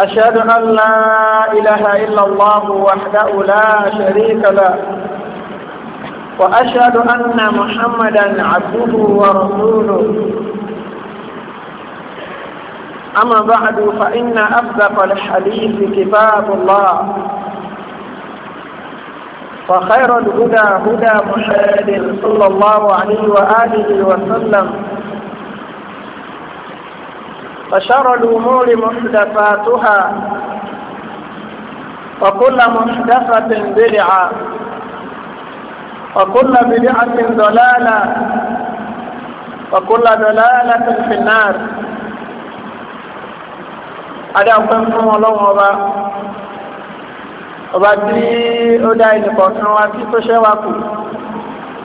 أشهد أن لا إله إلا الله وحده لا شريك له وأشهد أن محمدا عبده ورسوله أما بعد فإن أصدق الحديث كتاب الله وخير الهدى هدى محمد صلى الله عليه وآله وسلم وشر الأمور محدثاتها وكل محدثة بدعة وكل بدعة ضلالة وكل ضلالة في النار ada ọpẹ́ fún Ọlọ́run ọba ọba tí ó dá ẹnìkọ̀ọ̀kan wa tí tó ṣẹ́wàá kù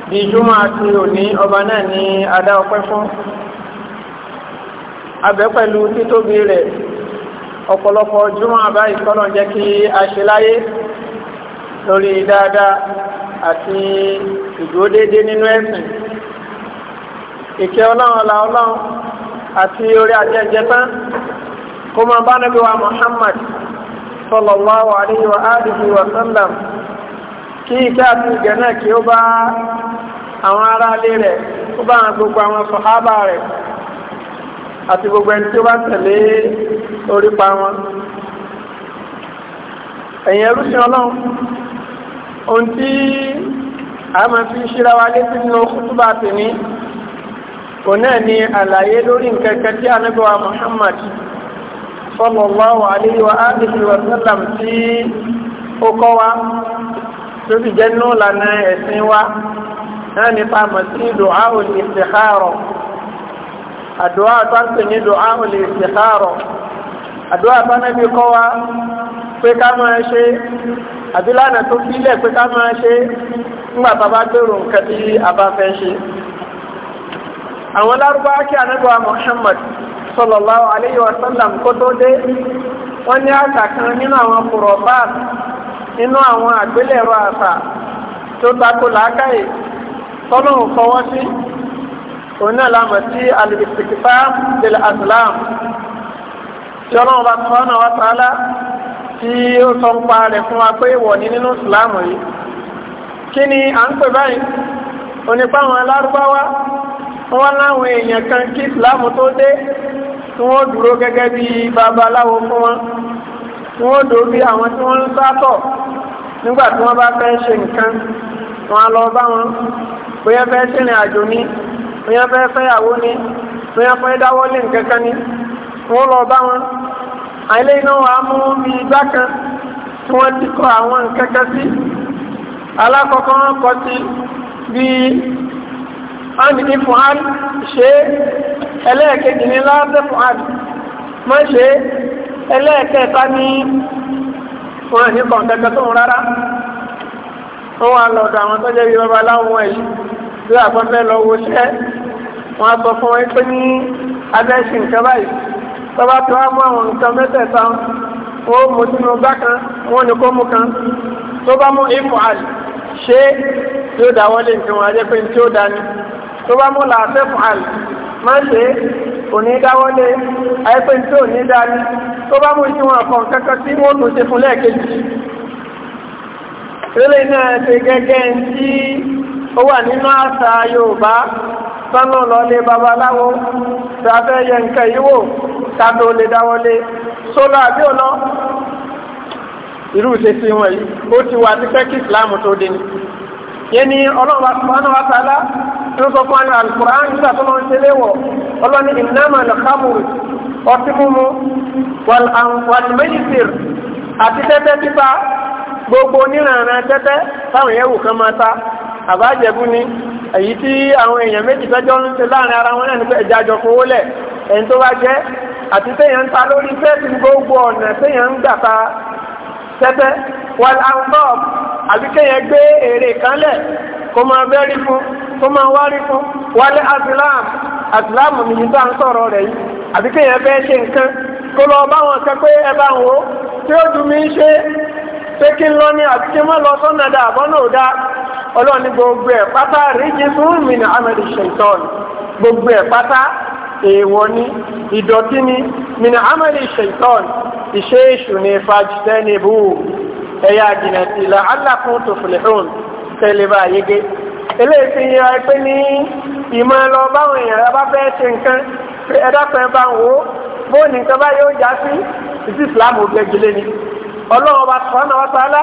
bí júmọ àti òní ọba náà ni adá ọpẹ́ fún abẹ́ pẹ̀lú títóbi rẹ̀ ọ̀pọ̀lọpọ̀ júmọ́ àbá ìkọ́nà jẹ́ kí a ṣe láyé lórí dáadáa àti ìdúródédé nínú ẹ̀sìn ìkẹ́ ọlọ́run ọ̀la ọlọ́run àti orí ajẹ́jẹ́ tán kó máa bá níbi wa Muhammad sallallahu alaihi wa alihi wa sallam kí ìkẹ́ àti ìgẹ̀ náà kí ó bá àwọn aráalé rẹ̀ ó bá àwọn gbogbo àwọn sọ̀hábà rẹ̀ àti gbogbo ẹni tí ó bá tẹ̀lé orípa wọn ẹ̀yìn ẹrúṣin ọlọ́run ohun tí a máa fi ṣíra wa létí nínú kútúbà tèmi kò náà ni àlàyé lórí nkẹ́kẹ́ tí Ànábì wa Muhammad sallallahu alayhi wa alihi wa sallam tí ó kọ́ wa tó fi jẹ́ nù lànà ẹ̀sìn wa náà nípa mọ̀ sí du'a al-istikhara àdúrà táǹtì ní dùn áhùn lè ṣe káàrọ̀ àdúrà tánẹ́bí kọ́ wa pé ká máa ṣe àbí lánàá tó sílẹ̀ pé ká máa ṣe nígbà tá a bá gbèrò nǹkan tí a bá fẹ́ ṣe. àwọn lárúbá kí anábọ̀ Muhammad sallallahu alayhi wa sallam kó tó dé wọ́n ní àṣà kan nínú àwọn kùrọ̀báàt nínú àwọn àgbélẹ̀rọ àṣà tó takò làákàyè tọ́lọ́hùn fọwọ́ sí oní la sí alìbìsìkìfà tẹ̀lé àsìlám tí ọlọ́run bá tọ́ náà wá sàálà tí ó sọ fún wa pé wọ̀ ní nínú ìsìlámù yìí kí ni à ń pè báyìí onípa àwọn alárúbáwá wọ́n láwọn èèyàn kan kí ìsìlámù tó dé tí wọ́n dúró gẹ́gẹ́ bí babaláwo fún wọn tí wọ́n dò bí àwọn tí wọ́n ń sátọ̀ nígbà tí wọ́n bá fẹ́ ṣe nǹkan wọn lọ bá wọn bóyá fẹ́ ṣìrìn àjò ní bóyá fẹ́ fẹ́yàwó ni bóyá fẹ́ dáwọ́lé nǹkan kan ni wọ́n lọ bá wọn àìlè iná wa mú bí igbá kan tí wọ́n ti kọ àwọn nǹkan kan sí alákọ̀ọ́kọ́ wọn kọ sí bí ánìní fuhad ṣe ẹlẹ́ẹ̀kejì ní láàbẹ̀ fuhad mọ́ ṣe ẹlẹ́ẹ̀kẹta ní wọn ní kọ̀ǹtẹ́kẹ́ tó ń rárá ó wà lọ́dọ̀ àwọn tó jẹ́ bí babaláwo wọ̀nyí sí àkọ́fẹ́ lọ wo iṣẹ́ wọn sọ fún wọn pé ní abẹ́sì nǹkan báyìí tọ́ba tí wọ́n mú àwọn nǹkan mẹ́tẹ̀ẹ̀ta wọn ó mú sínú bá kan wọn ni kó mú kan tó bá mú ifo àlè ṣé tí ó dáwọ́lé nǹkan wọn ajẹ́ pé ní tí ó dání tó bá mú làásẹ̀ fún àlè má ṣe òní dáwọ́lé ayẹ́pẹ́ ní tí ò ní dání tó bá mú ìṣúwọn ọ̀kan kankan tí wọ́n tún ṣe fún lẹ́ẹ̀kejì. Ilé náà ṣe gẹ́gẹ́ ń tí ó wà nínú àṣà Yorùbá sánú lọlé babaláwo tàbí ẹyẹ nǹkan yìí wò tàbí olè dáwọlé sólà àbí ọ̀nà irú ìṣesí wọn yìí ó ti wà ní pẹ́kì Islam tó dé ni yẹn ni ọlọ́run subhanahu wa ta'ala tó sọ fún àwọn alukur'an nígbà tó lọ́n ṣe léwọ̀ ọlọ́ni ìnáma lọ́kàmùrù ọtí mímu wàlúmẹ́yìsìr àti tẹ́tẹ́ pípa gbogbo onírànà tẹ́tẹ́ táwọn yẹ̀wò kan máa ta àbájẹ̀bú ni èyí tí àwọn èèyàn méjì tọ́jọ́ ń ṣe láàrin ara wọn náà ní pé ẹja àjọ fowó lẹ̀ ẹni tó bá jẹ́ àti téèyàn ń ta lórí fẹ́ẹ̀sì gbogbo ọ̀nà téèyàn ń gbà ta tẹ́tẹ́ wà láńtọ́ àbí kéèyàn gbé èrè kan lẹ̀ kó máa bẹ́rí fún kó máa wárí fún wálé asilam asilam nìyí tó à ń sọ̀rọ̀ rẹ̀ yìí àbí kéèyàn fẹ́ ṣe nǹkan kó lọ bá wọn kẹ́ pé ẹ bá wọn tí ó dùn mí ṣe pé kí ń lọ ní àbíkí mọ́ lọ sọ́nà dá àbọ́ náà dá ní gbogbo ẹ̀ pátá ríjì mi ní amẹ́lì ṣèǹtọ́ọ̀nù gbogbo ẹ̀ pátá èèwọ̀ ni ìdọ̀tí ni mìnà amẹ́lì ṣèǹtọ́ọ̀nù iṣẹ́ èṣù ni fàjìtẹ́nìbù ẹ̀yà jìnà sí ilẹ̀ alákùn tó fìlẹ̀hùn tẹ́lẹ̀bà yege eléyìí fi yẹra pé ní ìmọ̀ lọ báwọn èèyàn bá fẹ́ ṣe nǹkan ẹ̀dá pẹ́ bá ń wò ó bóun bá yóò já sí ìsì ni ọlọ́run wa sọ́nà wa sálá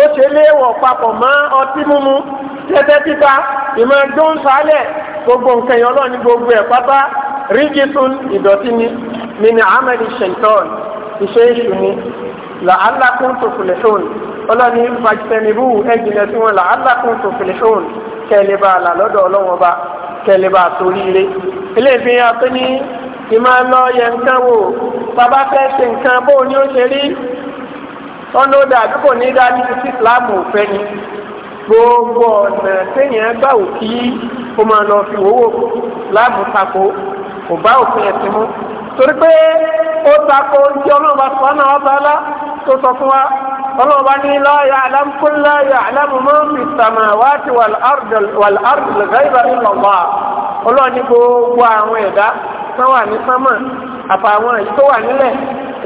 ó ṣe léèwọ̀ papọ̀ mọ́ ọtí mímu tẹ́tẹ́ títa ìmọ̀ dún sálẹ̀ gbogbo nǹkan yẹn ọlọ́run ní gbogbo ẹ̀ pátá rígìtún ìdọ̀tí ni mini amadi shenton iṣẹ́ èṣù ni làálà kún tó fìlẹ̀ fún ọlọ́ni fàjìtẹ̀nìbù ẹ̀jìnlẹ̀ tí wọ́n làálà kún tó fìlẹ̀ fún kẹlẹ́bà là lọ́dọ̀ ọlọ́wọ́n ọba kẹlẹ́bà torí ire eléyìí pé ní ìmọ̀ lọ yẹ nǹkan wò bàbá fẹ́ ṣe nǹkan bóun ni ó ṣe rí ọ̀nà ọ̀dà àdúgbò ní dání sí ìsìláàmù òfẹ́ ni gbogbo ọ̀nà téèyàn gbà ò kí ó máa lọ fi owó láàbù tako kò bá òfin ẹ̀sìn mú torí pé ó tako tí ọlọ́ọ̀bá sọ́nà ọba ọlá tó sọ fún wa ọlọ́ọ̀bá ní láàyè alámkúnlá yà alámùmọ́ fi sàmà wá ti wàlárùdùl gáìbà ńlọ́wà ọlọ́ọ̀ni gbogbo àwọn ẹ̀dá tó ní sánmà àfàwọn èyí tó wà nílẹ̀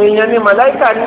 èèyàn ni màláìkà ni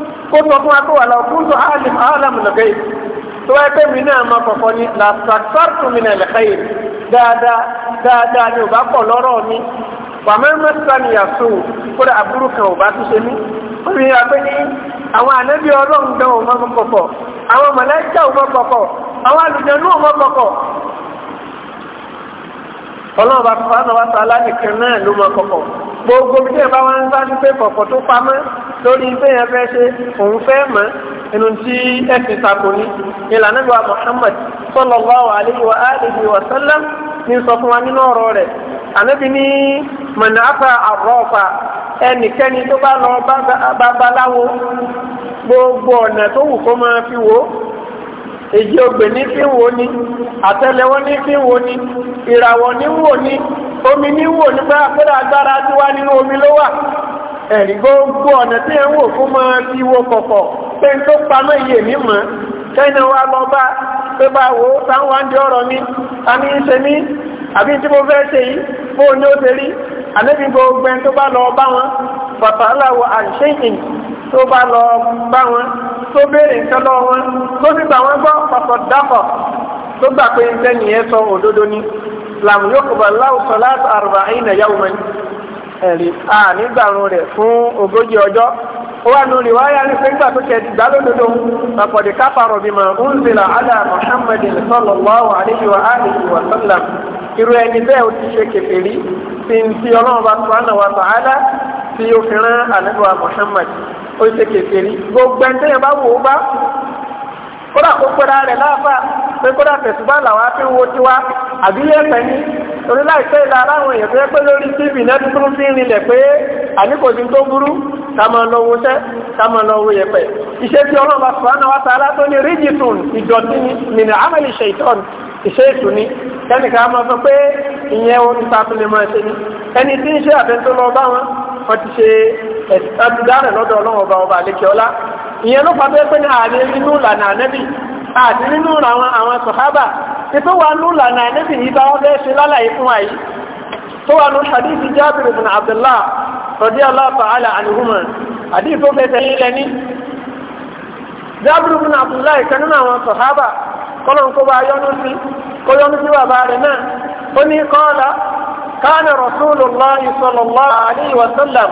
ó sọ fún wa pé wà láwọn kúndùn alim alam lọ́gẹ́ tó wáyé pé mi náà máa kọ̀kọ́ ni làtàkàtù mi nà lẹ́kẹ́ yìí dáadáa dáadáa ni ò bá pọ̀ lọ́rọ̀ mi wà mẹ́rin sani yàtò kódà àbúrò kan ò bá tún ṣe mí ó rí i pé ní àwọn ànábì ọlọ́run gan ò mọ́ kọ̀kọ̀ àwọn màláíkà ò mọ́ kọ̀kọ̀ àwọn àlùjànnú ò mọ́ kọ̀kọ̀ ọlọ́run bá fọwọ́ sọ wá sọ alánìkan náà ló mọ́ kọ̀kọ̀ gbogbo bí yẹn bá wọn ń sáré pé kọ̀kọ̀ tó pamọ́ lórí pé yẹn fẹ́ ṣe òun fẹ́ mọ́ inú tí ẹ̀sìn tako ní ìlànà ìwà Muhammad sallallahu alaihi wa alihi wa sallam ní sọ fún wa nínú ọ̀rọ̀ rẹ̀ ànábi ní mọ̀nàfà àrọ́ọ̀fà ẹnikẹ́ni tó bá lọ bá babaláwo gbogbo ọ̀nà tó wù kó máa fi wò ó èjì ògbè ní fi wò ni àtẹ́lẹwọ́ ní fi wò ni ìràwọ̀ ní wò ni omi ní wò ni pé àpẹẹrẹ agbára ti wá nínú omi ló wà ẹ̀rí gbogbo ọ̀nà tí ẹ̀ ń wò fún máa ti wo kọ̀kọ̀ pé n tó pamọ́ iye mi mọ̀ kẹ́ni wa lọ bá pé bá wo táwọn wá ń di ọ̀rọ̀ mi ta ni í àbí tí mo fẹ́ ṣe yìí bó ni ó ṣe rí àlébi gbogbo ẹni tó bá lọ bá wọn bàbá aláwọ̀ àṣẹ́yìn tó bá lọ bá wọn tó béèrè nǹkan lọ́wọ́ wọn tó sì gbà wọ́n gbọ́ pọ̀pọ̀ dápọ̀ tó gbà pé sẹ́ni yẹn sọ òdodo ni làmú yóò kọ̀ bọ̀ láwùsọ láti àrùbà ẹ̀yìn náà yàwó mẹ́ni ẹ̀rí a nígbàrún rẹ̀ fún ogójì ọjọ́ ó wà nù rí wáyà ní pé tó kẹ́ ti gbà lódodo pàpọ̀dé káfàrọ̀ bímọ unzila ala muhammadin sallallahu alayhi wa alihi wa sallam irú ẹni bẹ́ẹ̀ ó ti ṣe kèfèrí tí ń ti ọlọ́run bá tó wà náà wà tí ó fi rán àlẹ́ wa muhammad ó ṣe kèfèrí gbogbo ẹni tẹ́yìn bá wò ó bá kódà kó pẹ́ra rẹ̀ láàfà pé kódà tẹ̀sùbá làwọn afi wo tiwa àbí ẹ̀fẹ̀ ní torí láìpẹ́ ìlà aláwọn èèyàn tó yẹ pé lórí tv nẹ́tí tó fi ń rinlẹ̀ pé àní kò sí tó burú ká máa lọ wo sẹ́ ká máa lọ wo yẹpẹ̀ iṣẹ́ tí ọlọ́ba sùpánà wa sàrà tó ní rígìtùn ìdọ̀tí ni nínú amẹ́lì ṣèitọ́n iṣẹ́ ètò ni kẹ́nìkan máa sọ pé ìyẹn orí sáfìlì máa ṣe ni ẹni tí ń ṣe àfẹ́ntó lọ bá wọn wọ́n ti ṣe ẹ̀sìtàdúdárẹ̀ lọ́dọ̀ ọlọ́run ọba ọba àlekẹ́ọ́lá ìyẹn ló pàtó pé ní ààrẹ nínú ìlànà ànẹ́bì àti nínú àwọn àwọn sọ̀hábà ìpé wà nínú ìlànà ànẹ́bì yìí bá wọ́n fẹ́ ṣe lálàyé fún wa yìí tó wà nínú hadith jábìrì ibn abdullah radiyallahu ta'ala anhuma hadith tó fẹ́ tẹ̀lé lẹ́ni jábìrì ibn abdullah ìkan nínú àwọn sọ̀hábà kọ́lọ̀ ń kó bá yọnu sí kó yọnu sí bàbá rẹ̀ náà ó ní kọ́ọ̀lá kánà rasulullahi sallallahu alayhi wa sallam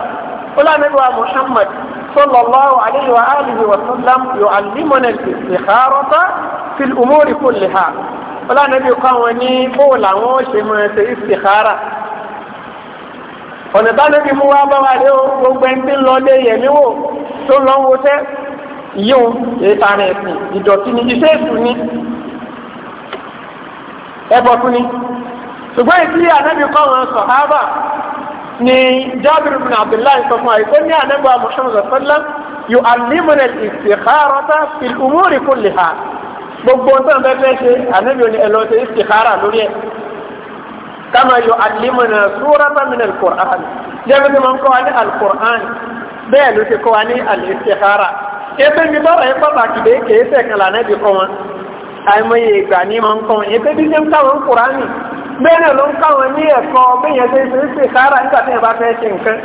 fúlànàbíwá muhammad sallallahu alayhi wa alihi wa sallam yu'allimuna al-istikharata fil umuri kulliha fúlànàbí kọ́ àwọn ní bóòlù àwọn ó ṣe máa ṣe istikhara ọ̀nà tánàbí mú wá bá wà lé o gbogbo ẹni tí ń lọ lé yẹ̀mí wò tó ń lọ ń wọṣẹ́ yíò ìtara ẹ̀sìn ìdọ̀tí ni iṣẹ́ ètù ni ẹbọ tún ni ṣùgbọ́n ìdí ànábì kọ́ wọn sọ̀hábà ni jábìrì bin abdullahi sọ fún àìkú ní ànábì wa muhammad sọ̀tọ́lá yóò alímọ̀nà ìsìkárọ́tà fi umúrì kúlì ha gbogbo nǹkan bẹ́ẹ̀ fẹ́ ṣe ànábì ni ẹlọ́ ṣe ìsìkárà lórí ẹ̀ kama yóò alímọ̀nà súrọ́tà min alukur'an jẹ́bi tí wọ́n kọ́ wa ní alukur'an bẹ́ẹ̀ ló ti kọ́ wa ní alìsìkárà ebe mi bọ́rọ̀ ẹ pàtàkì bẹ́ẹ̀ náà ló ń káwọn ní ẹ̀kọ́ bẹ́yẹn ṣe ṣe istikhara nígbà tí yẹn bá fẹ́ ṣe nǹkan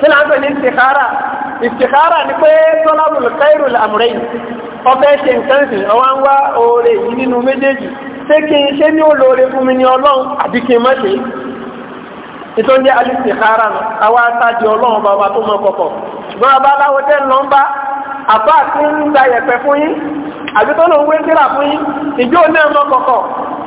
kí ló ń pè ní istikhara istikhara ni pé tọ́lábùlù kẹ́rù àmúrẹ́yìn ọfẹ́ ṣe nǹkan sí ọwọ́ ń wá oore yìí nínú méjèèjì ṣé kí n ṣe ní olóore fún mi ní ọlọ́run àbí kí n má ṣe nítorí jẹ́ al-istikhara àwa sáájú ọlọ́run bàbá tó mọ kọ̀kọ̀ ṣùgbọ́n abáláwo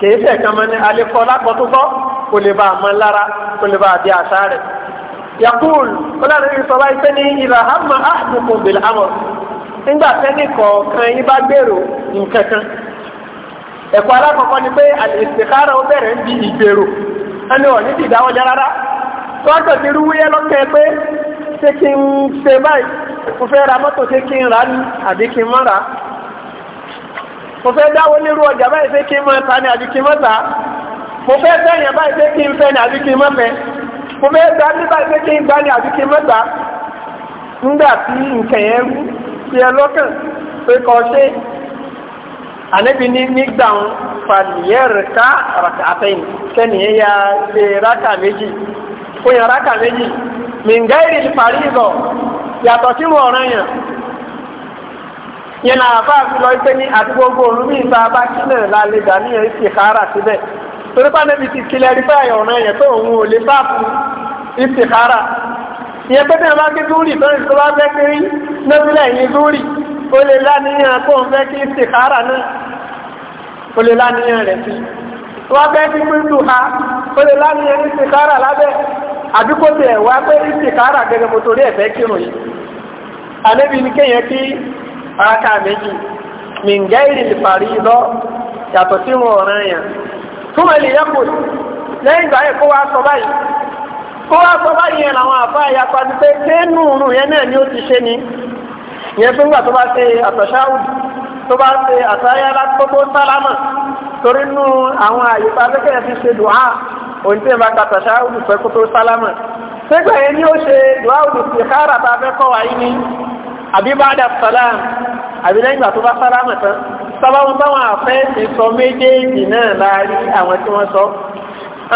kìí fẹ́ kan mọ́ ní alẹ́kọ́ lápọ̀túkọ́ kò lè bá a mọ́ lára kò lè bá a di àṣà rẹ̀. yakul ọlọ́run yìí sọ báyìí pé ní ìlà hàmà ahdukum bil amr nígbà tẹ́nì kọ̀ọ̀kan yìí bá gbèrò nǹkan kan. ẹ̀kọ́ alákọ̀ọ́kọ́ ni pé al ó bẹ̀rẹ̀ ń di ìgbèrò ẹni ọ̀ níbi ìdáwọ́jẹ́ rárá. wọ́n tẹ̀ ti rúwúyẹ́ lọ́kẹ́ pé ṣé kí n ṣe báyìí mo fẹ́ ra mọ́tò ṣé kí n rà ní àbí kí n má rà á mo fẹ́ dáwọ́ nírú ọjà báyìí pé kí n máa ta ni àbí kí n máa ta mo fẹ́ fẹ́yàn báyìí pé kí n fẹ́ ni àbí kí n máa fẹ́ mo fẹ́ gba ní báyìí pé kí n gba ni àbí kí n máa ta nígbà tí nǹkan yẹn rú sí ẹ lọ́kàn pé kọ́ ṣe ànábi ní nígbà ń fàlìyẹ́rìká àtẹ̀yìn kẹ́nìyẹn ya ṣe rákà méjì fún yẹn rákà méjì mìǹgáìrì parí lọ yàtọ̀ sínú ọ̀ràn yẹn yẹn náà bá a fi lọ pé ní àti gbogbo òun ní ìta bá kílẹ̀ lálẹ́ dà ní èyí ti kára síbẹ̀ torí pa níbi ti kílẹ̀ rí báyìí ọ̀nà yẹn tó òun ò lè bá fún ìtì kára ìyẹn pé bí wọn bá ké dúrì tó ń sọ́wọ́ fẹ́ kiri nẹ́bílẹ̀ yìí dúrì ó lè láníyàn kó ń fẹ́ kí ìtì kára náà ó lè láníyàn rẹ̀ sí wọ́n fẹ́ kí pínpín ha ó lè láníyàn ìtì kára lábẹ́ àdúgbò tẹ̀ wá rákà méjì mìǹgẹ́rì ìparí lọ yàtọ̀ sí wọn ọ̀ràn yẹn fún ẹlẹ́ yẹ́pò lẹ́yìn ìgbà yẹn kó wá sọ báyìí kó wá sọ báyìí yẹn làwọn àfa ẹ̀yà pàdé pé dénú òórùn yẹn náà ni ó ti ṣe ni yẹn fún ìgbà tó bá ṣe àtọ̀ṣáwù tó bá ṣe àtàyà látótó sálámà torí nú àwọn àyíká akẹ́kẹ́ ti ṣe dùá òun tí ìbá àtọ̀ṣáwù pẹ́ kó tó sálámà nígbà yẹn ni ó ṣe dùá òdùsì káàrà tá a fẹ́ kọ́ wáyé ni àbí bá dà sàlám àbí lẹ́yìn ìgbà tó bá sálámà tán sábàwọn báwọn àfẹ́ẹ̀sì sọ méjèèjì náà láàárín àwọn tí wọ́n sọ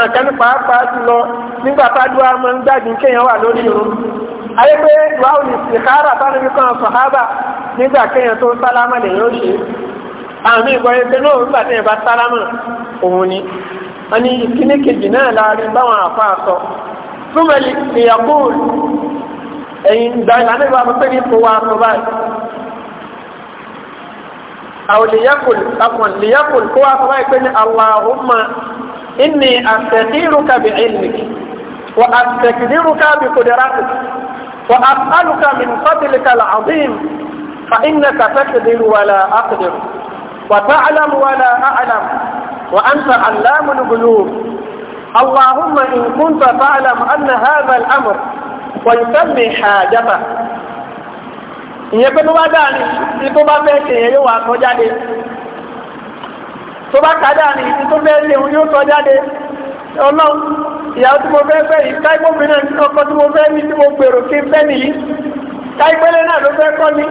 nǹkan ní pàápàá ti lọ nígbà tájú àmọ́ ń gbádùn kéèyàn wà lórí irun ayé pé wàhùn ìsìkára tánàbí kan sàhábà nígbà kéèyàn tó sálámà lèyìn ó ṣe àmì ìgbọ̀nyẹ pé náà nígbà téèyàn bá sálámà òun ni wọ́n ní ìkíní kejì náà láàárín báwọn àfa àsọ súnmọ́ ìyàkóòlù ẹ̀yìn ìgbà ìlànà ìwà àpapẹ́ ní kò wá àpọ̀ báyìí àwọn lèyàkùn àpọ̀n lèyàkùn kó wá àpọ̀ báyìí pé ní Allahumma inni àtẹ̀dírúkà bí ilmik wa àtẹ̀dírúkà bí kudiratik wa àtàlùkà min fadlika al-azim fa innaka taqdiru wala aqdir wa ta'lamu wala a'lam wa anta allamul ghuyub اللهم إن كنت تعلم أن هذا الأمر wọ̀nyísẹ́mì àjàmà ìyẹn pé tó bá dáàrin tí tó bá fẹ́ ṣe yẹn yóò wà sọ jáde tó bá ká dáàrin tí tó fẹ́ ṣe yóò sọ jáde ọlọ́run ìyàwó tí mo fẹ́ fẹ́ yìí káìpọ́bì náà ní ọkọ tí mo fẹ́ ní tí mo gbèrò kí n fẹ́ nìyí káìpẹ́lẹ́ náà ló fẹ́ kọ́ ní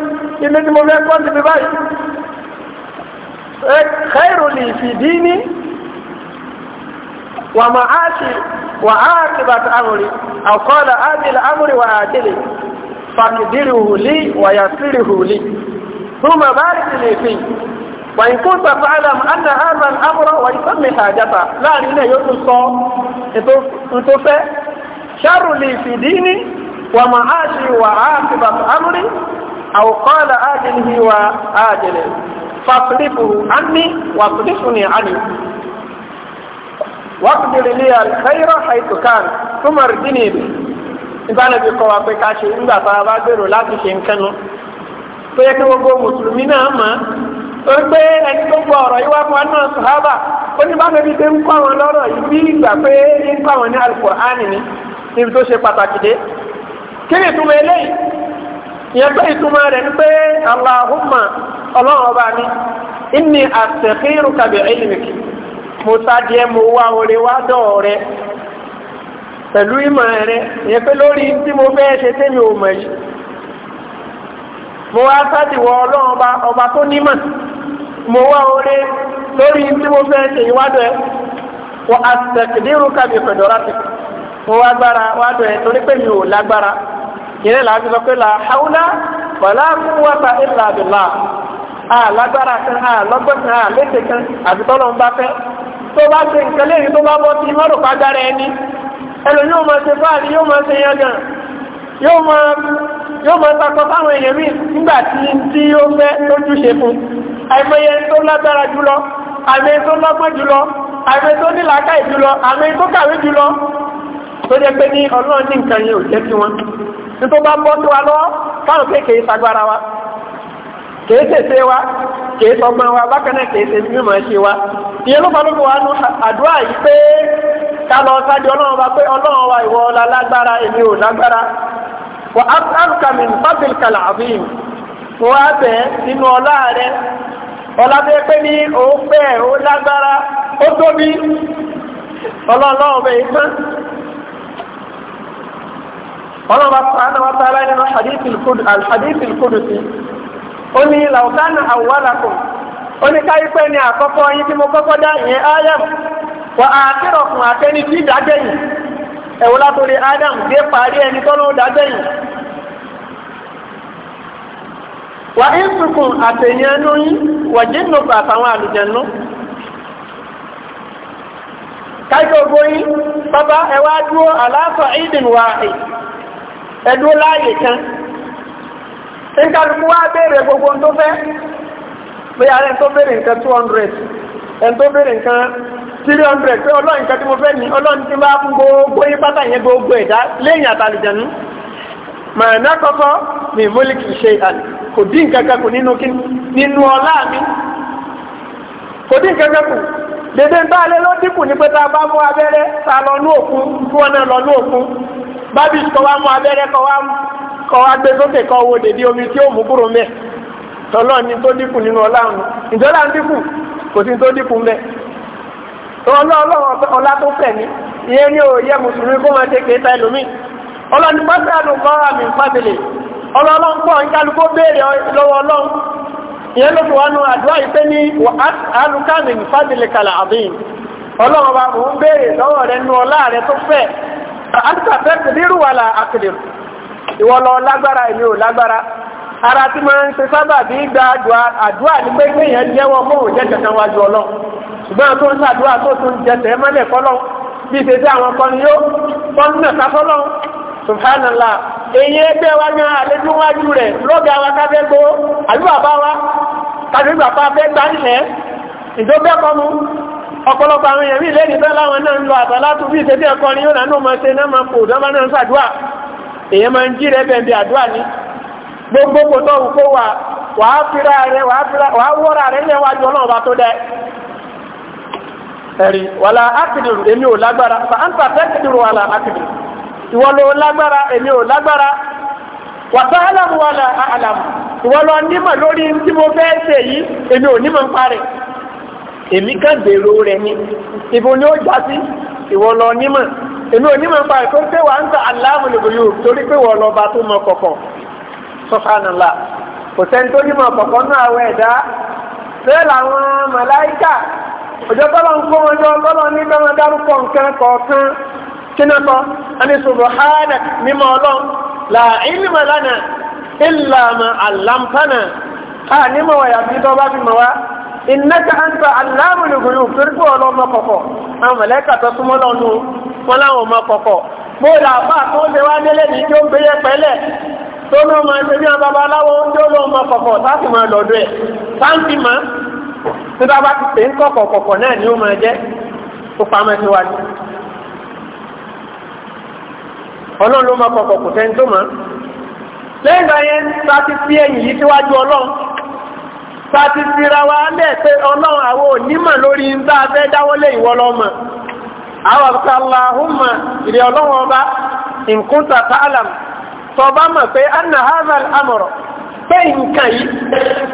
ilé tí mo fẹ́ kọ́ ní bíbáyìí. ẹ kẹ́rù lè fìdí ní ومعاشي وعاقبة أمري أو قال آتي الأمر وآتله فاقدره لي ويسره لي ثم بارك لي فيه وإن كنت فاعلم أن هذا الأمر ويسمي حاجته لا لنا يتصى يتصى شر لي في ديني ومعاشي وعاقبة أمري أو قال آجله وآجله فاصرفه عني واصرفني عنه waqdir li al-khayra haythu kan thumma ardini bi ìbánibí kọ́ wa pé ká ṣe nígbà tá a bá gbèrò láti ṣe nǹkan nu tó yẹ kí gbogbo mùsùlùmí náà mọ̀ torí pé ẹni tó gbọ́ ọ̀rọ̀ yìí wá fún wa náà sàhábà ó ní báwọn ẹbí ṣe ń kọ́ àwọn lọ́rọ̀ yìí bí ìgbà Al-Qur'ani ni níbi tó ṣe pàtàkì dé kí ni ìtumọ̀ eléyìí ìyẹn pé ìtumọ̀ rẹ̀ ni pé Allahumma ọlọ́run ọba inni astaghfiruka bi ilmiki mo sádìẹ mo wá oore wá dọ̀ rẹ pẹ̀lú ìmọ̀ rẹ yẹn pé lórí tí mo fẹ́ ṣe tẹ́mi ò mọ̀ yìí mo wá sádìwọ̀ ọlọ́run ọba ọba tó nímọ̀ mo wá oore lórí tí mo fẹ́ ṣe ìwádọ̀ ẹ wọ àtẹ̀kìdírù kàbí fẹ̀dọ̀rátì mo wá gbára wádọ̀ ẹ torí pé mi ò lágbára ìrìn làá ti sọ pé la haúlá wàlá quwwata illa billah àlágbára kan àlọ́gbọ́n kan àlékè kan àbítọ́lọ́ tó bá ṣe nǹkan lẹ́yìn tó bá bọ́ sí mọ́rò pàjára ẹni ẹlò yóò máa ṣe fáàrí yóò máa ṣe yangàn yóò máa takọ fáwọn èèyàn míì nígbà tí tí ó fẹ́ lójú ṣe fún àìmọye tó lágbára jùlọ àmì tó lọ́gbọ́n jùlọ àmì tó nílàákàyè jùlọ àmì tó kàwé jùlọ tó jẹ́ pé ní ọlọ́run ní nǹkan yẹn ò jẹ́ sí wọn ní tó bá bọ́ sí wa lọ́wọ́ fáwọn kéèkéé sagbára wa kìí tètè wa kìí sọgbọn wa bákan náà kìí tètè mímọ ṣe wa ìyẹn ló balùwẹ̀ wa nu àdúrà yìí pé ká lọ sáájú ọlọ́run wa pé ọlọ́run wa ìwọ ọ̀la lágbára èmi ò lágbára wà á kàmì fábìlì kàlà àbíyìn wà á bẹ̀ nínú ọlá rẹ ọlá tó yẹ pé ní ó fẹ́ ó lágbára ó tóbi ọlọ́run bẹ̀ yìí tán ọlọ́run bá pa á náà wá sáárá nínú àdìsí ìkúdùsí. ó ní làwùkánà àwòwálàkùn ó ní káyípẹ́ ni àkọ́kọ́ yín tí mo kọ́kọ́ dá ìyẹn áyàm wà á kéròkùn tí dágbẹ̀yìn ẹ̀wọ́ látòrí ádám gbé parí ẹni tọ́lọ́ dágbẹ̀yìn wà á ìsùnkùn àtẹ̀yìn yín wà jínnùkùn àtàwọn àlùjẹ̀nu kájọ gbóyí bàbá dúró àlàáfà ìdìnnú láàyè kan nkàlùkù wá béèrè gbogbo tó fẹ́ bóyá ẹni tó béèrè nǹkan two hundred ẹni tó béèrè nǹkan three hundred pé ọlọ́run nǹkan tí mo fẹ́ ní ọlọ́run tí bá fún gbogbo yín pátá yẹn gbogbo ẹ̀dá lẹ́yìn àtàlùjẹ̀nu màánà kọ́kọ́ mi múlíkì ṣe ìhàlẹ̀ kò dín nǹkan kan kù nínú kí nínú ọlá mi kò dín nǹkan kù dèdè ń bá alẹ́ ló dínkù ní pé tá a bá mú abẹ́rẹ́ ta lọ òkun kí wọ́n náà lọ òkun bábí kọ́ wá gbé sókè kọ́ owó dèdí omi tí ó mú kúrò mẹ́ tọ́lọ́ ni tó dínkù nínú ọlọ́run ìjọba ń dínkù kò sí tó dínkù mẹ́ ọlọ́run ọlá tó fẹ̀ ní ìyẹn ní òye mùsùlùmí kó máa ṣe kéta ẹlòmíì ọlọ́run pàṣẹ àdùnkọ́ àmì ìfàbílẹ̀ ọlọ́run pọ̀ nkálukó béèrè lọ́wọ́ ọlọ́run ìyẹn ló fi wá nu àdúrà ìpé ní alukami ìfàbílẹ̀ kàlà àbíyìn ọlọ́run bá mò béèrè lọ́wọ́ rẹ nu ọlá rẹ tó fẹ̀ àtúntàfẹ́ kìdírù wàlà àkìdírù ìwọ lọ lágbára èmi ò lágbára ara tí máa ń ṣe sábà bí gba àdúrà ní pé kéèyàn jẹ́wọ́ mọ́ òun jẹ́ kankan wájú ọlọ́ ṣùgbọ́n tó ń ṣàdúrà tó tún jẹsẹ̀ mọ́lẹ̀ kọ́lọ́ bí ṣe sí àwọn kan yóò tọ́nú náà sáfọ́lọ́ subhanallah èyí ẹgbẹ́ wa ní àlejò wájú rẹ̀ lọ́gà wa káfẹ́ gbó àbí bàbá wa tàbí bàbá fẹ́ gbá nílẹ̀ ìdógbẹ́kọ́nu ọ̀pọ̀lọpọ̀ àwọn èèyàn rí lẹ́yìn fẹ́ láwọn náà ń lọ àbálá bí ìṣẹ́bí ẹ̀kọ́ ni yóò náà máa ṣe náà máa kò dánwà náà ń ṣàdúrà èyàn máa ń jí rẹ bẹ̀ẹ̀ bí àdúrà ní gbogbo kò tó wù kó wà wàá fira rẹ wàá wọ́ra rẹ ní ẹwà jọ náà bá tó dẹ ẹ̀rí wàlà ákìdìrù èmi ò lágbára fa ń ta tẹ́kìdìrù wàlà ákìdìrù ìwọ ló lágbára èmi ò lágbára wàtá àlàmù wàlà ni ó já sí ìwọ èmi ò ní mọ̀ nípa ètò pé wà ń ta aláàmúlò bòyó torí pé wọ́n lọ́ba tó mọ kọ̀kọ̀ sọ́fàánàlá kò sẹ́ni tó ní mọ̀ kọ̀kọ̀ náà wọ ẹ̀dá bẹ́ẹ̀ làwọn màláìkà òjò tọ́lọ̀ ń kó wọn jọ tọ́lọ̀ ní bẹ́ẹ̀ dárúkọ nǹkan kọ̀ọ̀kan kínátọ́ ẹni sọ̀rọ̀ hánà mímọ́ ọlọ́run là ìlímọ̀ lánàá ìlànà àlàǹfàànà ìnáka na aláàmúlò gbòòrò torí pé ọlọ́mọ kọ̀kọ̀ àwọn mọ̀lẹ́kà tó súnmọ́ lọ́nu wọn láwọn ọmọ kọ̀kọ̀ tó ṣe wá nílé ní tí ó ń gbé yẹ pẹ́lẹ̀ tó ní ọmọ ẹgbẹ́ ní aláwọ̀ ọmọ kọ̀kọ̀ láti máa lọ́dọ̀ ẹ̀ sáǹtì mọ́ Fati fira wa lẹ̀ pé ọlọ́run àwọn onímọ̀ lórí ń bá abẹ́ dáwọ́lé ìwọ lọ́mọ. Àwọn ìrẹ̀ ọlọ́run ọba ìkúntà tààlàm tọba mọ̀ pé anna hazal amọ̀rọ̀ pé nǹkan yìí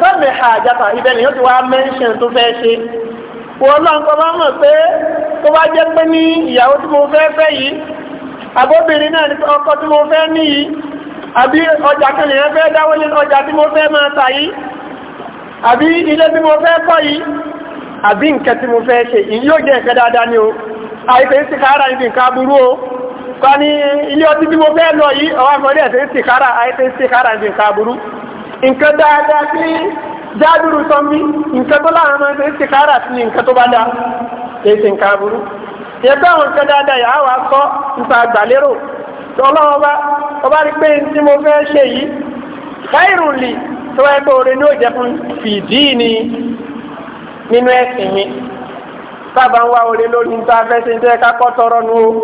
sọ́mẹ̀ àjàtà ibẹ̀ ni ó ti wá mẹ́ńṣẹ̀ tó fẹ́ ṣe. Wọ́n lọ́n tọba mọ̀ pé tó bá jẹ́ pé ní ìyàwó tí mo fẹ́ fẹ́ yìí náà ní ọkọ tí mo fẹ́ ní yìí àbí ọjà fẹ́ ọjà tí mo fẹ́ máa àbí ilé bí mo fẹ́ kọ́ yìí àbí nǹkan tí mo fẹ́ ṣe ìyí yóò jẹ́ ẹ̀kẹ́ dáadáa ni o àìfẹ́ ìsìkára níbi nǹkan aburú o kọ́ ní ilé ọtí bí mo fẹ́ lọ yìí ọwọ́ àfọdẹ́ ẹ̀fẹ́ ìsìkára àìfẹ́ ìsìkára níbi nǹkan aburú nǹkan dáadáa sí jábìrù sọ mí nǹkan tó láwọn ọmọ ẹ̀fẹ́ ìsìkára ọba rí pé tí mo fẹ́ ṣe yìí tó wáyé pé orin ni ó jẹ fún fìdí ni nínú ẹ̀sìn mi sábà ń wá orin lórí ní tá a fẹ́ ṣe ń jẹ́ kákọ́ tọrọ nu o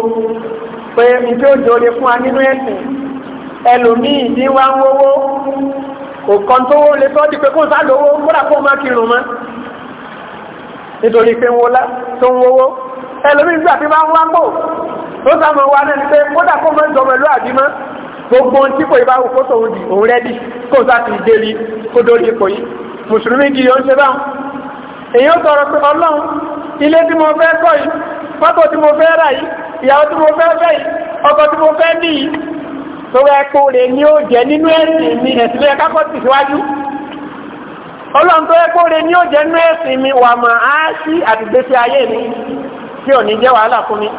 pé ibi ó jòrè fún wa nínú ẹ̀sìn ẹlòmíì ní wá ń wówó kò kàn tó wó lè di pé kó sá lówó kódà kó má kírun mọ́ nítorí pé ń wọlá tó ń wówó ẹlòmíì nígbà tí wọ́n wá ń bò tó sá mọ́ wa pé kódà kó má jọ pẹ̀lú àbí mọ́ gbogbo ohun tí kò yẹ bá wù kó di òun rẹ́dì kó o sáfi débi kó dórí ipò yìí mùsùlùmí di yóò ń ṣe báwọn. èyàn sọ̀rọ̀ pé ọlọ́run ilé tí mo fẹ́ kọ́ yìí mọ́tò tí mo fẹ́ rà yìí ìyàwó tí mo fẹ́ fẹ́ yìí ọkọ̀ tí mo fẹ́ ní yìí tó wẹ́ kó lè ní ó jẹ́ nínú ẹ̀sìn mi ẹ̀sìn lẹ́yìn kákọ́ tì síwájú. ọlọ́run tó wẹ́ kó lè ní ó jẹ́ nínú ẹ̀sìn mi wà mà á sí àtìgbésí ayé mi tí ò ní jẹ́ wàhálà fún mi.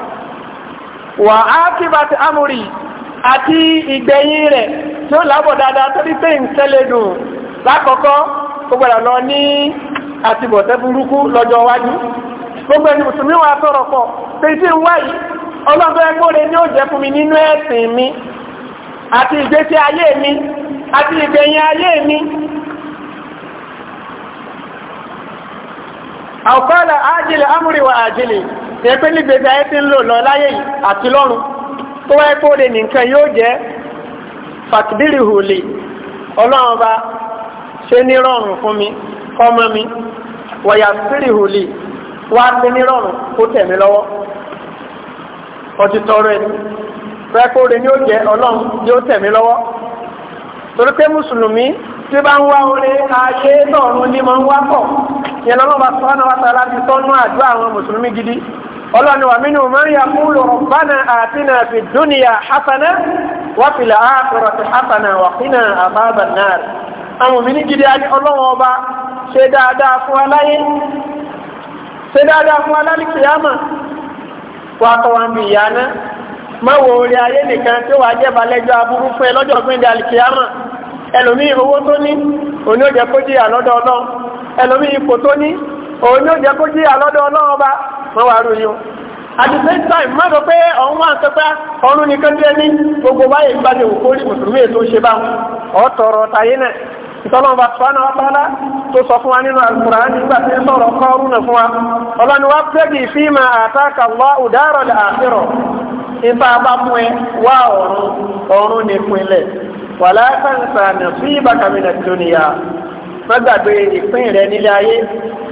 wà á kí bá ti amúrì yìí àti ìgbẹ̀yìn rẹ̀ tí ó lábọ̀ dáadáa torí pé ìṣẹ̀lẹ̀ dùn lákọ̀ọ́kọ́ ó gbọ́dọ̀ lọ ní àtibọ̀tẹ́ burúkú lọ́jọ́ iwájú gbogbo ẹni mùsùlùmí wa tọrọ pọ̀ pé tí ń wáyé ẹgbóre ni ó jẹ́ fún mi nínú ẹ̀sìn mi àti ìgbésí ayé mi àti ìgbẹ̀yìn ayé mi àwòkọ́lẹ̀ ájìlẹ̀ amúrìwà àjìlẹ̀ ẹgbẹ́ nígbèsí ayé ti ń lò lọ láyé àti tó wáyé pé ó nìkan yóò jẹ́ fàtìbírì hùlì ọlọ́run bá ṣe ní rọrùn fún mi kọ́mọ́ mi wọ̀yà sírì hùlì wá sí ní rọrùn kó tẹ̀ lọ́wọ́ ọtí tọrọ wáyé pé ó ní ó jẹ́ ọlọ́run yóò tẹ̀ lọ́wọ́ torí pé mùsùlùmí tí bá ń wá ayé ní gidi. ọlọ́ni wà mínú mẹ́rìyà kúlù rabbana àtinà fi dúnìyà hasana wà fìlà áàkùrọ̀tì hasana wà kínà àbábà náà àwọn òmìnir gidi ayé ọlọ́wọ́ ọba ṣe dáadáa fún aláyé ṣe dáadáa fún alálìkìyàmà wà kọ́ wa ń bi ìyá náà má wo orí ayé nìkan tí wàá jẹ́ balẹ̀jọ́ aburú fún ẹ lọ́jọ́ ọ̀gbìn alìkìyàmà ẹlòmíì owó tó ní òun yóò kó jìyà wọ́n wá rú yín at the same time má sọ pé ọ̀hún wà ń sọ pé ọ̀run nìkan dé ní gbogbo báyìí bá ti wù kó rí mùsùlùmí ètò ṣe bá ọ̀ tọ̀rọ̀ tàyé náà ìtọ́lọ́wọ́n wa nínú Al-Qur'an nígbà tí ń sọ̀rọ̀ kọ́rù nà fún wa ọlọ́ni wá pẹ́gì má gbàgbé ìpín rẹ nílé ayé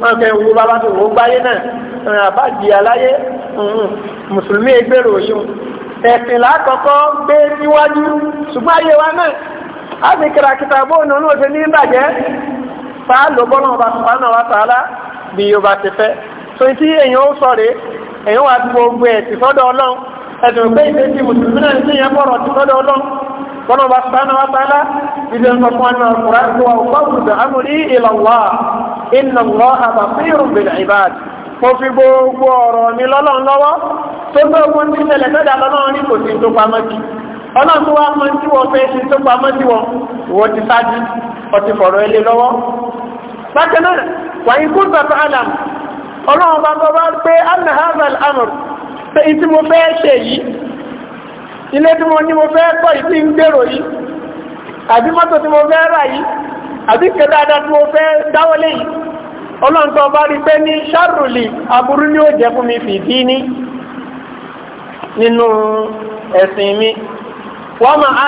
wọn fẹ́ wo bàbá tó wò ó gbáyé náà àbá di aláyé mùsùlùmí gbèrò yìí ẹ̀sìn lákọ̀ọ́kọ́ gbé níwájú ṣùgbọ́n ayé wa náà á fi kìràkìtà bóònù náà ṣe ní ìbàjẹ́ fàá lò bọ́nà ọba sùpánà wa tààlà bí yóò bá ti fẹ́ so tí èyàn ó sọ rèé èyàn wà gbogbo ẹ̀sìn sọ́dọ̀ ọlọ́run ẹ̀sìn pé ìfẹ́ ti mùsùlùmí náà ń kọ́nà bá sánà wá sánà ibi ń sọ̀kún àná ọ̀kùnrin tó wà ọ̀pá òkùnkùn amúrí ìlàlá iná lọ àbàfíìrùn bìlẹ̀ ìbáàdì. mo fi gbogbo ọ̀rọ̀ mi lọ́lọ́ lọ́wọ́ tó gbé ogun tí ìṣẹ̀lẹ̀ sẹ́dá lọ́nà ní kò sí tó pamọ́ sí ọlọ́run tó wá mọ tí wọ́n fẹ́ ṣe tó pamọ́ sí wọn ìwọ ti sáájú ọtí fọ̀rọ̀ ilé lọ́wọ́. bákan náà wàyí kú bàbá alam ọlọ́run bá bá pé ilé tí mo ní mo fẹ́ kọ́ yìí tí ń gbèrò yìí àbí mọ́tò tí mo fẹ́ rà yìí àbí kẹ́ dáadáa tí mo fẹ́ dáwọ́lé yìí ọlọ́run tó bá rí pé ní ṣàrùlì aburú ni ó jẹ́ fún mi fìdí ní nínú ẹ̀sìn mi wọ́n mọ̀ á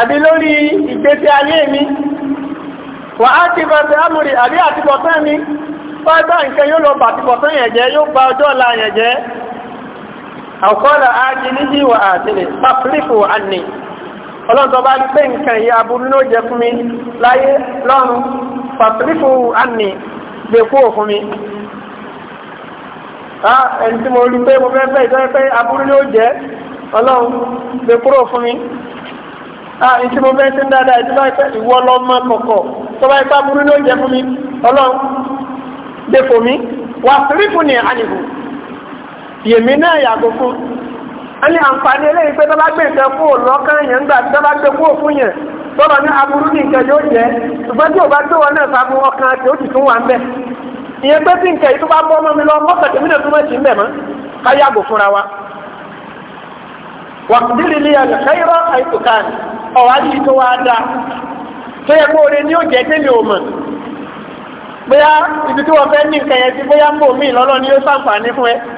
àbí lórí ìgbésí ayé mi wà á ti bọ̀ sí àmúrí àbí àtibọ̀tán mi fọ́ọ̀tọ̀ nǹkan yóò lọ bàtibọ̀tán yẹn jẹ́ yóò bà ọjọ́ ọ̀la yẹn jẹ́ àkọọ́lẹ̀ ájílíjì wà àtìlẹ̀ pàfílìfò àní ọlọ́ntọ́ bá pé nǹkan ìyá aburú ló jẹ fún mi láyé lọ́run pàfílìfò àní lè kú òfún mi á ẹni tí mo rí pé mo fẹ́ fẹ́ ìtọ́ pé aburú ló jẹ ọlọ́run lè kúrò fún mi mo fẹ́ sí dáadáa ìtọ́ pé ìwọ lọ́mọ kọ̀kọ̀ tó bá ipá aburú ló jẹ fún mi ọlọ́run lè yèmí náà yàgò fún ẹni àǹfààní eléyìí pé tọ́lá gbé nǹkan fún òlọ́kàn yẹn ńgbà tọ́lá gbé fún òfún yẹn tọ́lọ̀ ní aburú ní nǹkan yóò jẹ́ ṣùgbọ́n tí ò bá tó wọn náà ọkàn àti tún wà ń ìyẹn pé tí yìí tó bá bọ́ ọmọ mi lọ mọ́kàtí mi náà ń bẹ̀ mọ́ ká yàgò fúnra wa.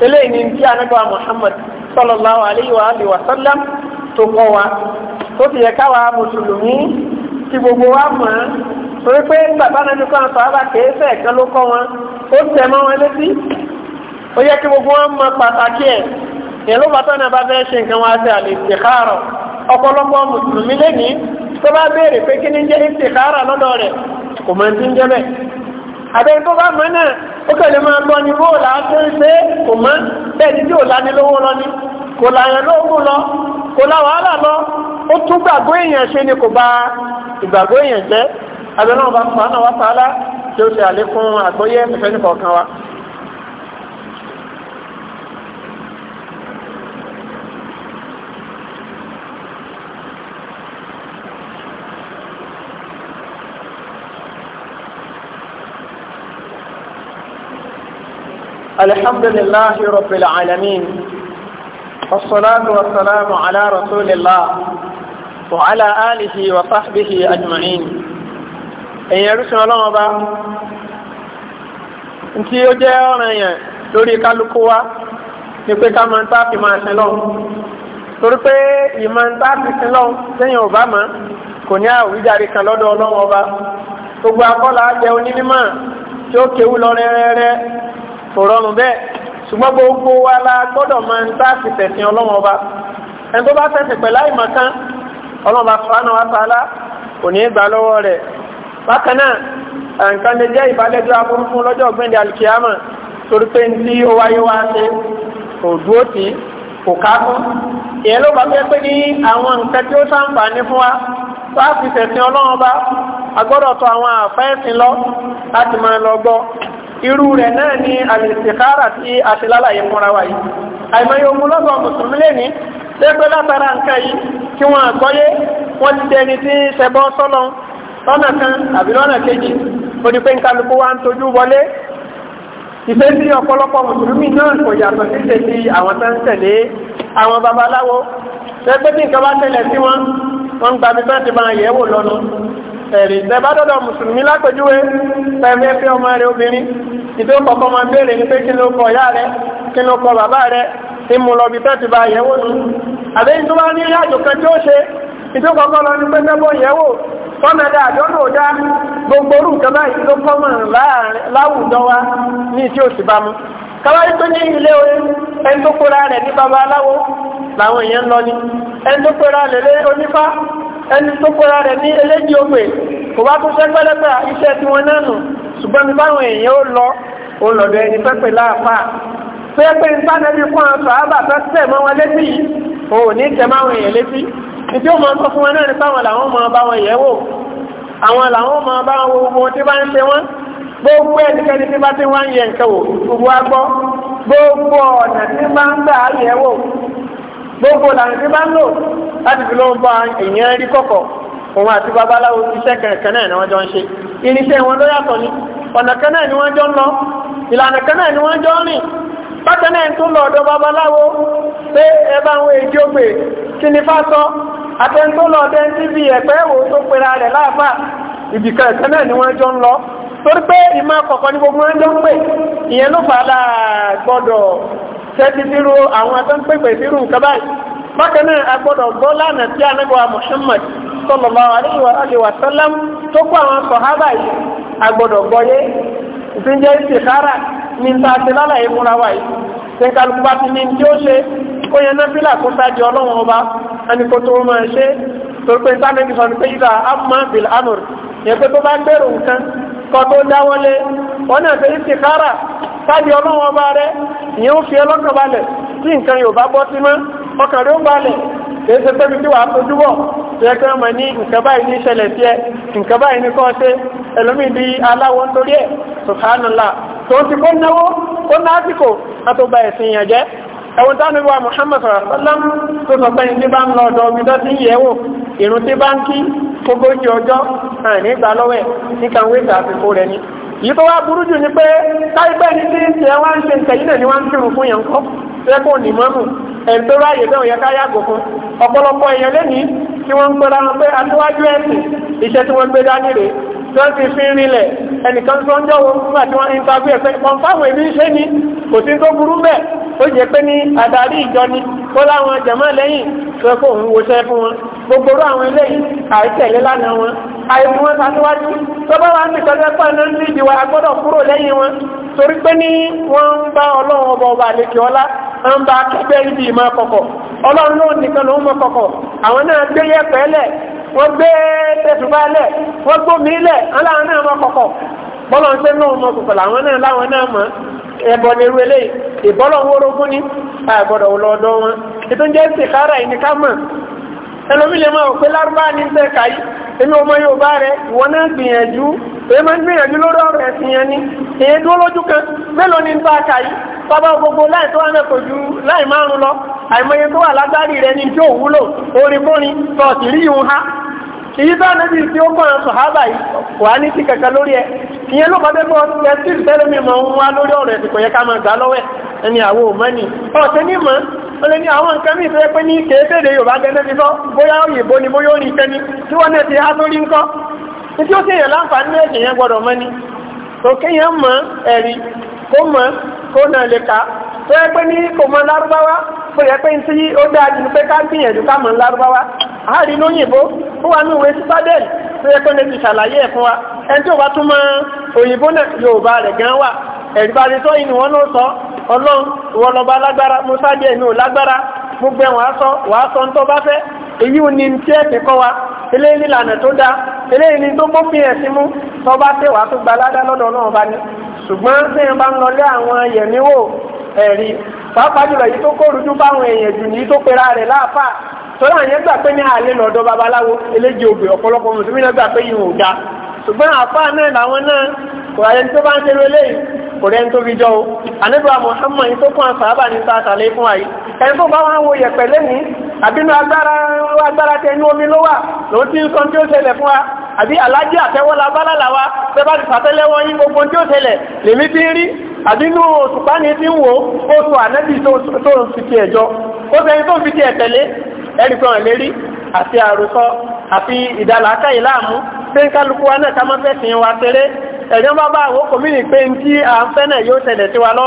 eléyìí ni tí anábà Muhammad sallallahu alayhi wa alayhi wa sallam tó kọ́ wa ó ti yẹ káwa mùsùlùmí tí gbogbo wa mọ̀ ọ́n torí pé bàbá nàbí kan sọ àbá kéésẹ̀ kan ló kọ́ wọn ó tẹ̀ mọ́ wọn létí ó yẹ kí gbogbo wọn mọ̀ pàtàkì ẹ̀ yẹn ló bàtọ́ náà bá fẹ́ ṣe nǹkan wá sí àlè ìtìkárọ̀ ọ̀pọ̀lọpọ̀ mùsùlùmí lẹ́ni tó bá béèrè pé kí ni jẹ́ ìtìkárọ̀ lọ́dọ̀ rẹ̀ kò mọ̀ ní jẹ́ bẹ́ẹ̀ àbẹ́ tó bá mọ̀ náà ó kẹ́lẹ̀ máa gbọ́ ni wó là á tó ń ṣe kò mọ́ bẹ́ẹ̀ ni tí ò lani lówó lọ ni kò làyàn lóògùn lọ kò la wàhálà lọ ó tún gbàgbọ́ èèyàn ṣe ni kò bá ìgbàgbọ́ èèyàn jẹ́ abẹ́rẹ́ wọn bá fà náà wá fà tí ó ṣe àlékún àgbọ́yé ẹ̀fẹ́ nìkan kan wa. الحمد لله رب العالمين والصلاة والسلام على رسول الله وعلى آله وصحبه أجمعين ẹ̀yin ẹrúsìn ọlọ́run ọba ntí ó jẹ́ ọ̀ràn yẹn lórí kálukú wa ni pé ká máa ń táàfin máa sin lọ́hùn torí pé ìmọ̀ ń táàfin sin lọ́hùn sẹ́yìn ọba mọ́ kò ní àwíjàre kan lọ́dọ̀ ọlọ́run ọba gbogbo akọ́là jẹ́ onímọ̀ tí ó kéwú lọ rẹ́rẹ́rẹ́ kò rọrùn bẹ́ẹ̀ ṣùgbọ́n gbogbo wa la gbọ́dọ̀ ma ń tá àti tẹ̀sìn ọlọ́wọ́n ọba ẹni tó bá tẹ̀sìn pẹ̀lú àìmọ̀ kan ọlọ́wọ́n bá fún kò ní gbà lọ́wọ́ rẹ̀ bákan náà nǹkan lè jẹ́ ìbálẹ́jọ́ lọ́jọ́ ọ̀gbẹ́ndẹ̀ alikiyama torí pé ní ó wáyé ṣe kò dúró tì í kò ká fún ìyẹn ló bá fẹ́ pé ní wa fi agbọ́dọ̀ àwọn àfẹ́sìn lọ láti máa lọ irú rẹ̀ náà ni àlìsìkára tí a ti lálàyé fúnra wa yìí àìmọye ogun lọ́gbọ̀n mùsùlùmí lè ní lẹ́gbẹ́ látara nǹkan yìí kí wọ́n àgbọ́yé wọ́n ti dẹni tí ṣẹbọ́ sọ́lọ lọ́nà kan àbí lọ́nà kejì ó ní ń kálukú wa ń tojú wọlé ìfẹ́ sí ọ̀pọ̀lọpọ̀ mùsùlùmí náà kò yàtọ̀ sí ṣe ti àwọn tó tẹ̀lé àwọn babaláwo lẹ́gbẹ́ tí nǹkan bá tẹ̀lẹ̀ sí wọn wọ́n ń gbàgbé ti máa yẹ̀wò lọ́nu ẹ̀rí tẹ́bádọ́dọ̀ mùsùlùmí lápẹjúwe pẹ̀mí ẹ̀fẹ́ ọmọ rẹ̀ obìnrin ìdó kọ̀ọ̀kan ma bèèrè ní pé kí ló kọ ìyá rẹ̀ kí ló kọ bàbá rẹ̀ tí mo lọ bí fẹ́ ti ba àyẹ̀wò nù àbẹ́yìn tó bá ní kan tí ó ṣe lọ ní ìyẹ̀wò gbogbo orú nǹkan báyìí ló láwùjọ wa ní tí ó sì bá mu káwáyé tó ní ilé ẹni tó kóra rẹ̀ ní ẹni tó kóra rẹ̀ ní eléjì ogbè kò bá tún ṣẹ́ pẹ́lẹ́pẹ́ iṣẹ́ tí wọ́n náà nù ṣùgbọ́n mi báwọn èèyàn ó lọ ó lọ̀dọ̀ ẹni pẹ́pẹ́ láàfà pé pé ń bá nẹbi fún àwọn sàábà tó tẹ̀ mọ́ wọn létí yìí o ò ní tẹ̀ máwọn èèyàn létí ìdí ó máa sọ fún wọn náà ní báwọn làwọn máa bá wọn yẹ̀ wò àwọn làwọn máa bá wọn wo gbogbo tí bá ń ṣe wọn gbogbo ẹnikẹ́ni tí bá ti wá ń yẹ nǹkan wò gbogbo agbọ́ gbogbo ọ̀nà tí bá ń gbà á yẹ̀ wò gbogbo làwọn tí bá ń lò láti fi ló ń bá èèyàn rí kọ̀kọ̀ òun àti babaláwo iṣẹ́ kẹ̀kẹ́ náà ni wọ́n jọ ń ṣe irinṣẹ́ wọn ló yàtọ̀ ni ọ̀nà kan náà ni wọ́n jọ ń lọ ìlànà kan náà ni wọ́n jọ ń rìn bákan náà tó lọ ọ̀dọ̀ babaláwo pé ẹ bá àwọn èdè ògbè kí ni fá sọ àtẹn tó lọ ọdẹ tí bí ẹ̀pẹ́ wo tó pera rẹ̀ láàfà ìbìkan ẹ̀kan náà ni wọ́n jọ ń lọ torí pé ìmọ̀ kọ̀ọ̀kan ní gbogbo wọn jọ ń pè ìyẹn ló fà á láà gbọ́dọ̀ sẹ́tí sírú àwọn tó ń pèpè sírú nǹkan báyìí bákan náà a gbọ́dọ̀ gbọ́ lánàá tí anábọ̀wá Muhammad sallallahu alaihi wa sallam tó kó àwọn sọ̀hábà yìí a gbọ́dọ̀ gbọ́ yé ìsinjẹ́ ìsìkára ní ta ti lálàyé fúnra wa yìí ṣe kálukú bá ti ní tí ó ṣe ó yẹ náfìlà kó sáájú ọlọ́wọ́n ọba ẹni kó tó máa ṣe sáàdì ọlọ́wọ́ bá rẹ̀ ni ó fi ẹlọ́kàn balẹ̀ tí nǹkan yóò bá bọ́ sí mọ́ ọkàn rẹ̀ ó balẹ̀ kìí ṣe pé bíi wàá fojú bọ̀ tó yẹ kí wọ́n mọ̀ ní nǹkan báyìí ní ìṣẹ̀lẹ̀ sí ẹ nǹkan báyìí ní kọ́ ṣe ẹlòmíì di aláwọ̀ nítorí ẹ̀ subhanallah tó ti kó náwó kó náàsìkò àtọ́gbà ẹ̀sìn yẹn jẹ́ ẹ̀wọ̀n táwọn ìwà Muhammad sallallahu alaihi wasallam tó sọ pé ní bá ń lọ ọ̀dọ̀ omi tó yẹ̀wò ìrùn tí bá ń kí ogójì ọjọ́ àìní ìgbà lọ́wẹ̀ níkan wíìtà àsìkò rẹ̀ ni yìí tó wá burú jù ni pé káyipẹ́ ní tí ń ṣe wá ń ṣe nǹkan náà ni wá ń kírun fún yẹn kọ́ ṣé kò ní mọ́mù ẹ̀ńtọ́ ráàyè bẹ́ẹ̀ yẹ ká yàgò fún ọ̀pọ̀lọpọ̀ èèyàn lẹ́ni tí wọ́n ń gbọ́dá wọn pé aṣíwájú ẹ̀sìn iṣẹ́ tí wọ́n gbé dání rèé tí wọ́n ti fi rinlẹ̀ ẹnìkan tó ń jọ́wọ́ nígbà tí wọ́n ń tagbé ẹ̀fẹ́ wọn èmi ṣé ni kò sí tó burú bẹ́ẹ̀ ó jẹ́ pé ní adarí ìjọ ni kó láwọn jẹ̀mọ́ lẹ́yìn tó kó òun woṣẹ́ fún wọn gbogbo àwọn eléyìí àìtẹ̀lé lánàá wọn àìmú wọn sáfíwájú tọ́bọ̀ wà ní ìtọ́jú ẹ̀pọ̀ náà ní ìdíwà agbọ́dọ̀ kúrò lẹ́yìn wọn torí pé ní wọ́n ń bá ọlọ́run ọba ọba àlekè ọlá ń bá akẹgbẹ́ ibi ìmọ̀ kọ̀kọ̀ ọlọ́run náà nìkan ló mọ̀ kọ̀kọ̀ àwọn náà gbé yẹ̀pẹ̀ lẹ̀ wọ́n gbé lẹ̀ wọ́n gbómi lẹ̀ náà mọ̀ kọ̀kọ̀ bọ́lọ̀ ń wọn inú ọmọ Yorùbá rẹ ìwọ náà gbìyànjú èyí máa ń gbìyànjú lórí ọ̀rọ̀ ẹ̀sìn yẹn ni èyí dúró lójú kan mélòó ni ń bá a kà yìí bàbá gbogbo láì tó wà náà kò ju láì márùn lọ àìmọye tó wà lágbárí rẹ ní tí ò wúlò orinbórin tọ̀ọ̀tì rí ìhun ha èyí bá nàbí tí ó kọ̀ràn sọ̀hábà yìí wà ní ti kẹ̀kẹ́ lórí ẹ̀ ìyẹn ló bàbá bọ́ ẹ sí ìfẹ́lẹ́mì mọ̀ ń wá lórí ọ̀rọ̀ ẹ̀sìn kò yẹ ká máa gbà lọ́wọ́ ẹni àwọn òmọ́ni ọ̀sẹ̀ ní mọ̀ ó lè ní àwọn nǹkan mí ìfẹ́ pé ní kéèkéèdè Yorùbá gẹ́gẹ́ fi sọ bóyá òyìnbó ni bóyá orin kẹ́ni tí wọ́n náà ti há sórí ńkọ́ tí ó sì èèyàn láǹfààní ẹ̀sìn yẹn gbọ́dọ̀ mọ́ ni tó kéèyàn mọ ẹ̀rí kó mọ kó náà lè kà tó yẹ pé ní kò mọ lárúbáwá tó yẹ pé tí ó dáa jù pé ká gbìyànjú ká mọ lárúbáwá àárín lóyìnbó ó wà ní ìwé sípádẹ́ẹ̀lì tó yẹ pé ní ti ṣàlàyé ẹ̀ fún wa ẹni tí ò bá tún mọ òyìnbó náà Yorùbá rẹ̀ gan wà ẹ̀rìbáde tó yìí ni wọ́n ló sọ ọlọ́run ìwọ lọ́ba lágbára mo sáájú ẹ̀mí ò lágbára mo gbẹ wàá sọ wàá sọ tó bá fẹ́ èyí ò ní tí ẹ̀sìn kọ́ wa eléyìí ní ìlànà tó dáa eléyìí ní tó bófin ẹ̀sìn mú tó bá fẹ́ wàá tó gba ládá lọ́dọ̀ náà bá ní ṣùgbọ́n tí wọ́n bá ń lọlé àwọn yẹ̀mí wò ẹ̀rí pàápàá jùlọ yìí tó kórujú báwọn èèyàn jù ní tó pera rẹ̀ láàfà tọ́lá yẹn gbà pé ní alẹ́ lọ́dọ̀ babaláwo eléjì ògbè ọ̀pọ̀lọpọ̀ mùsùlùmí náà gbà pé yìí ò dáa ṣùgbọ́n àpá náà làwọn náà kò àyẹni tó bá ń ṣeré léyìí kò rẹ́ ń tó rí jọ o àníbà Muhammad tó kún àṣàbà ní sàtàlẹ́ fún àyí ẹni tó bá wọn wo yẹ̀pẹ̀ lẹ́ni àbínú agbára agbára tẹ inú omi ló wà lòun ti ń sọ tí ó ṣẹlẹ̀ fún wa àbí alájí àtẹwọ́lá bálàlà wa pẹ́ bá ti fàtẹ́lẹ́wọ́ yín gbogbo tí ó ṣẹlẹ̀ lèmi ti ń rí àbínú òṣùpá ni ti ń wò ó sọ ànẹ́bì tó ń fi ti ẹ̀jọ́ ó sẹ́yìn tó ń fi ti ẹ̀tẹ̀lé ẹ̀rì kan lérí àti àròsọ ẹ̀yàn bá bá àwọn kòmínì pé ní tí à ń fẹ́ náà yóò tẹ̀lẹ̀ sí wa lọ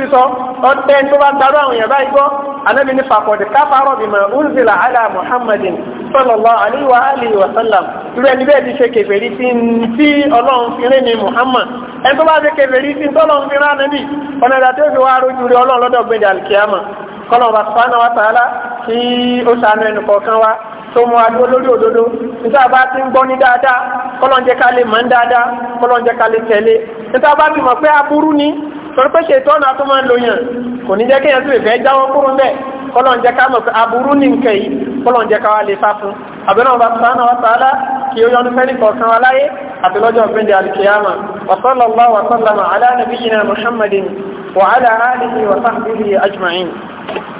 anabi sọ ọtẹ tó bá darú àwọn yàrá igbó anabi ní fàkọ̀dé káfárọ̀ bìmọ̀ unzila ala muhammadin sallallahu alayhi wa alihi sallam irú ẹni bẹ́ẹ̀ ti ṣe kèfèrí sí ti ọlọ́run fi rẹ́ ni muhammad ẹni tó bá ṣe kèfèrí sí tọ́lọ́run fi rán anabi ọ̀nà ìdá tó fi wá rojú rí ọlọ́run lọ́dọ̀ gbẹ̀dẹ̀ alkiyama kọ́lọ̀ bá sọ́nà wa tààlà kí ó ṣàánú ẹnì kọ̀ọ̀kan wa tó mú adó lórí òdodo níta bá ti ń gbọ́ ní dáadáa kọ́lọ́njẹ́ ká lè mọ̀ ń dáadáa kọ́lọ́njẹ́ ká lè tẹ̀lé níta bá ti mọ̀ pé aburú ni torí pé ṣètò ọ̀nà tó máa ń lo yàn kò ní jẹ́ kéèyàn tó ìfẹ́ jáwọ́ kúrò bẹ́ẹ̀ kọ́lọ́njẹ́ ká mọ̀ pé aburú ni nǹkan yìí kọ́lọ́njẹ́ ká wá lè sá fún abẹ́rẹ́ ọba sàánà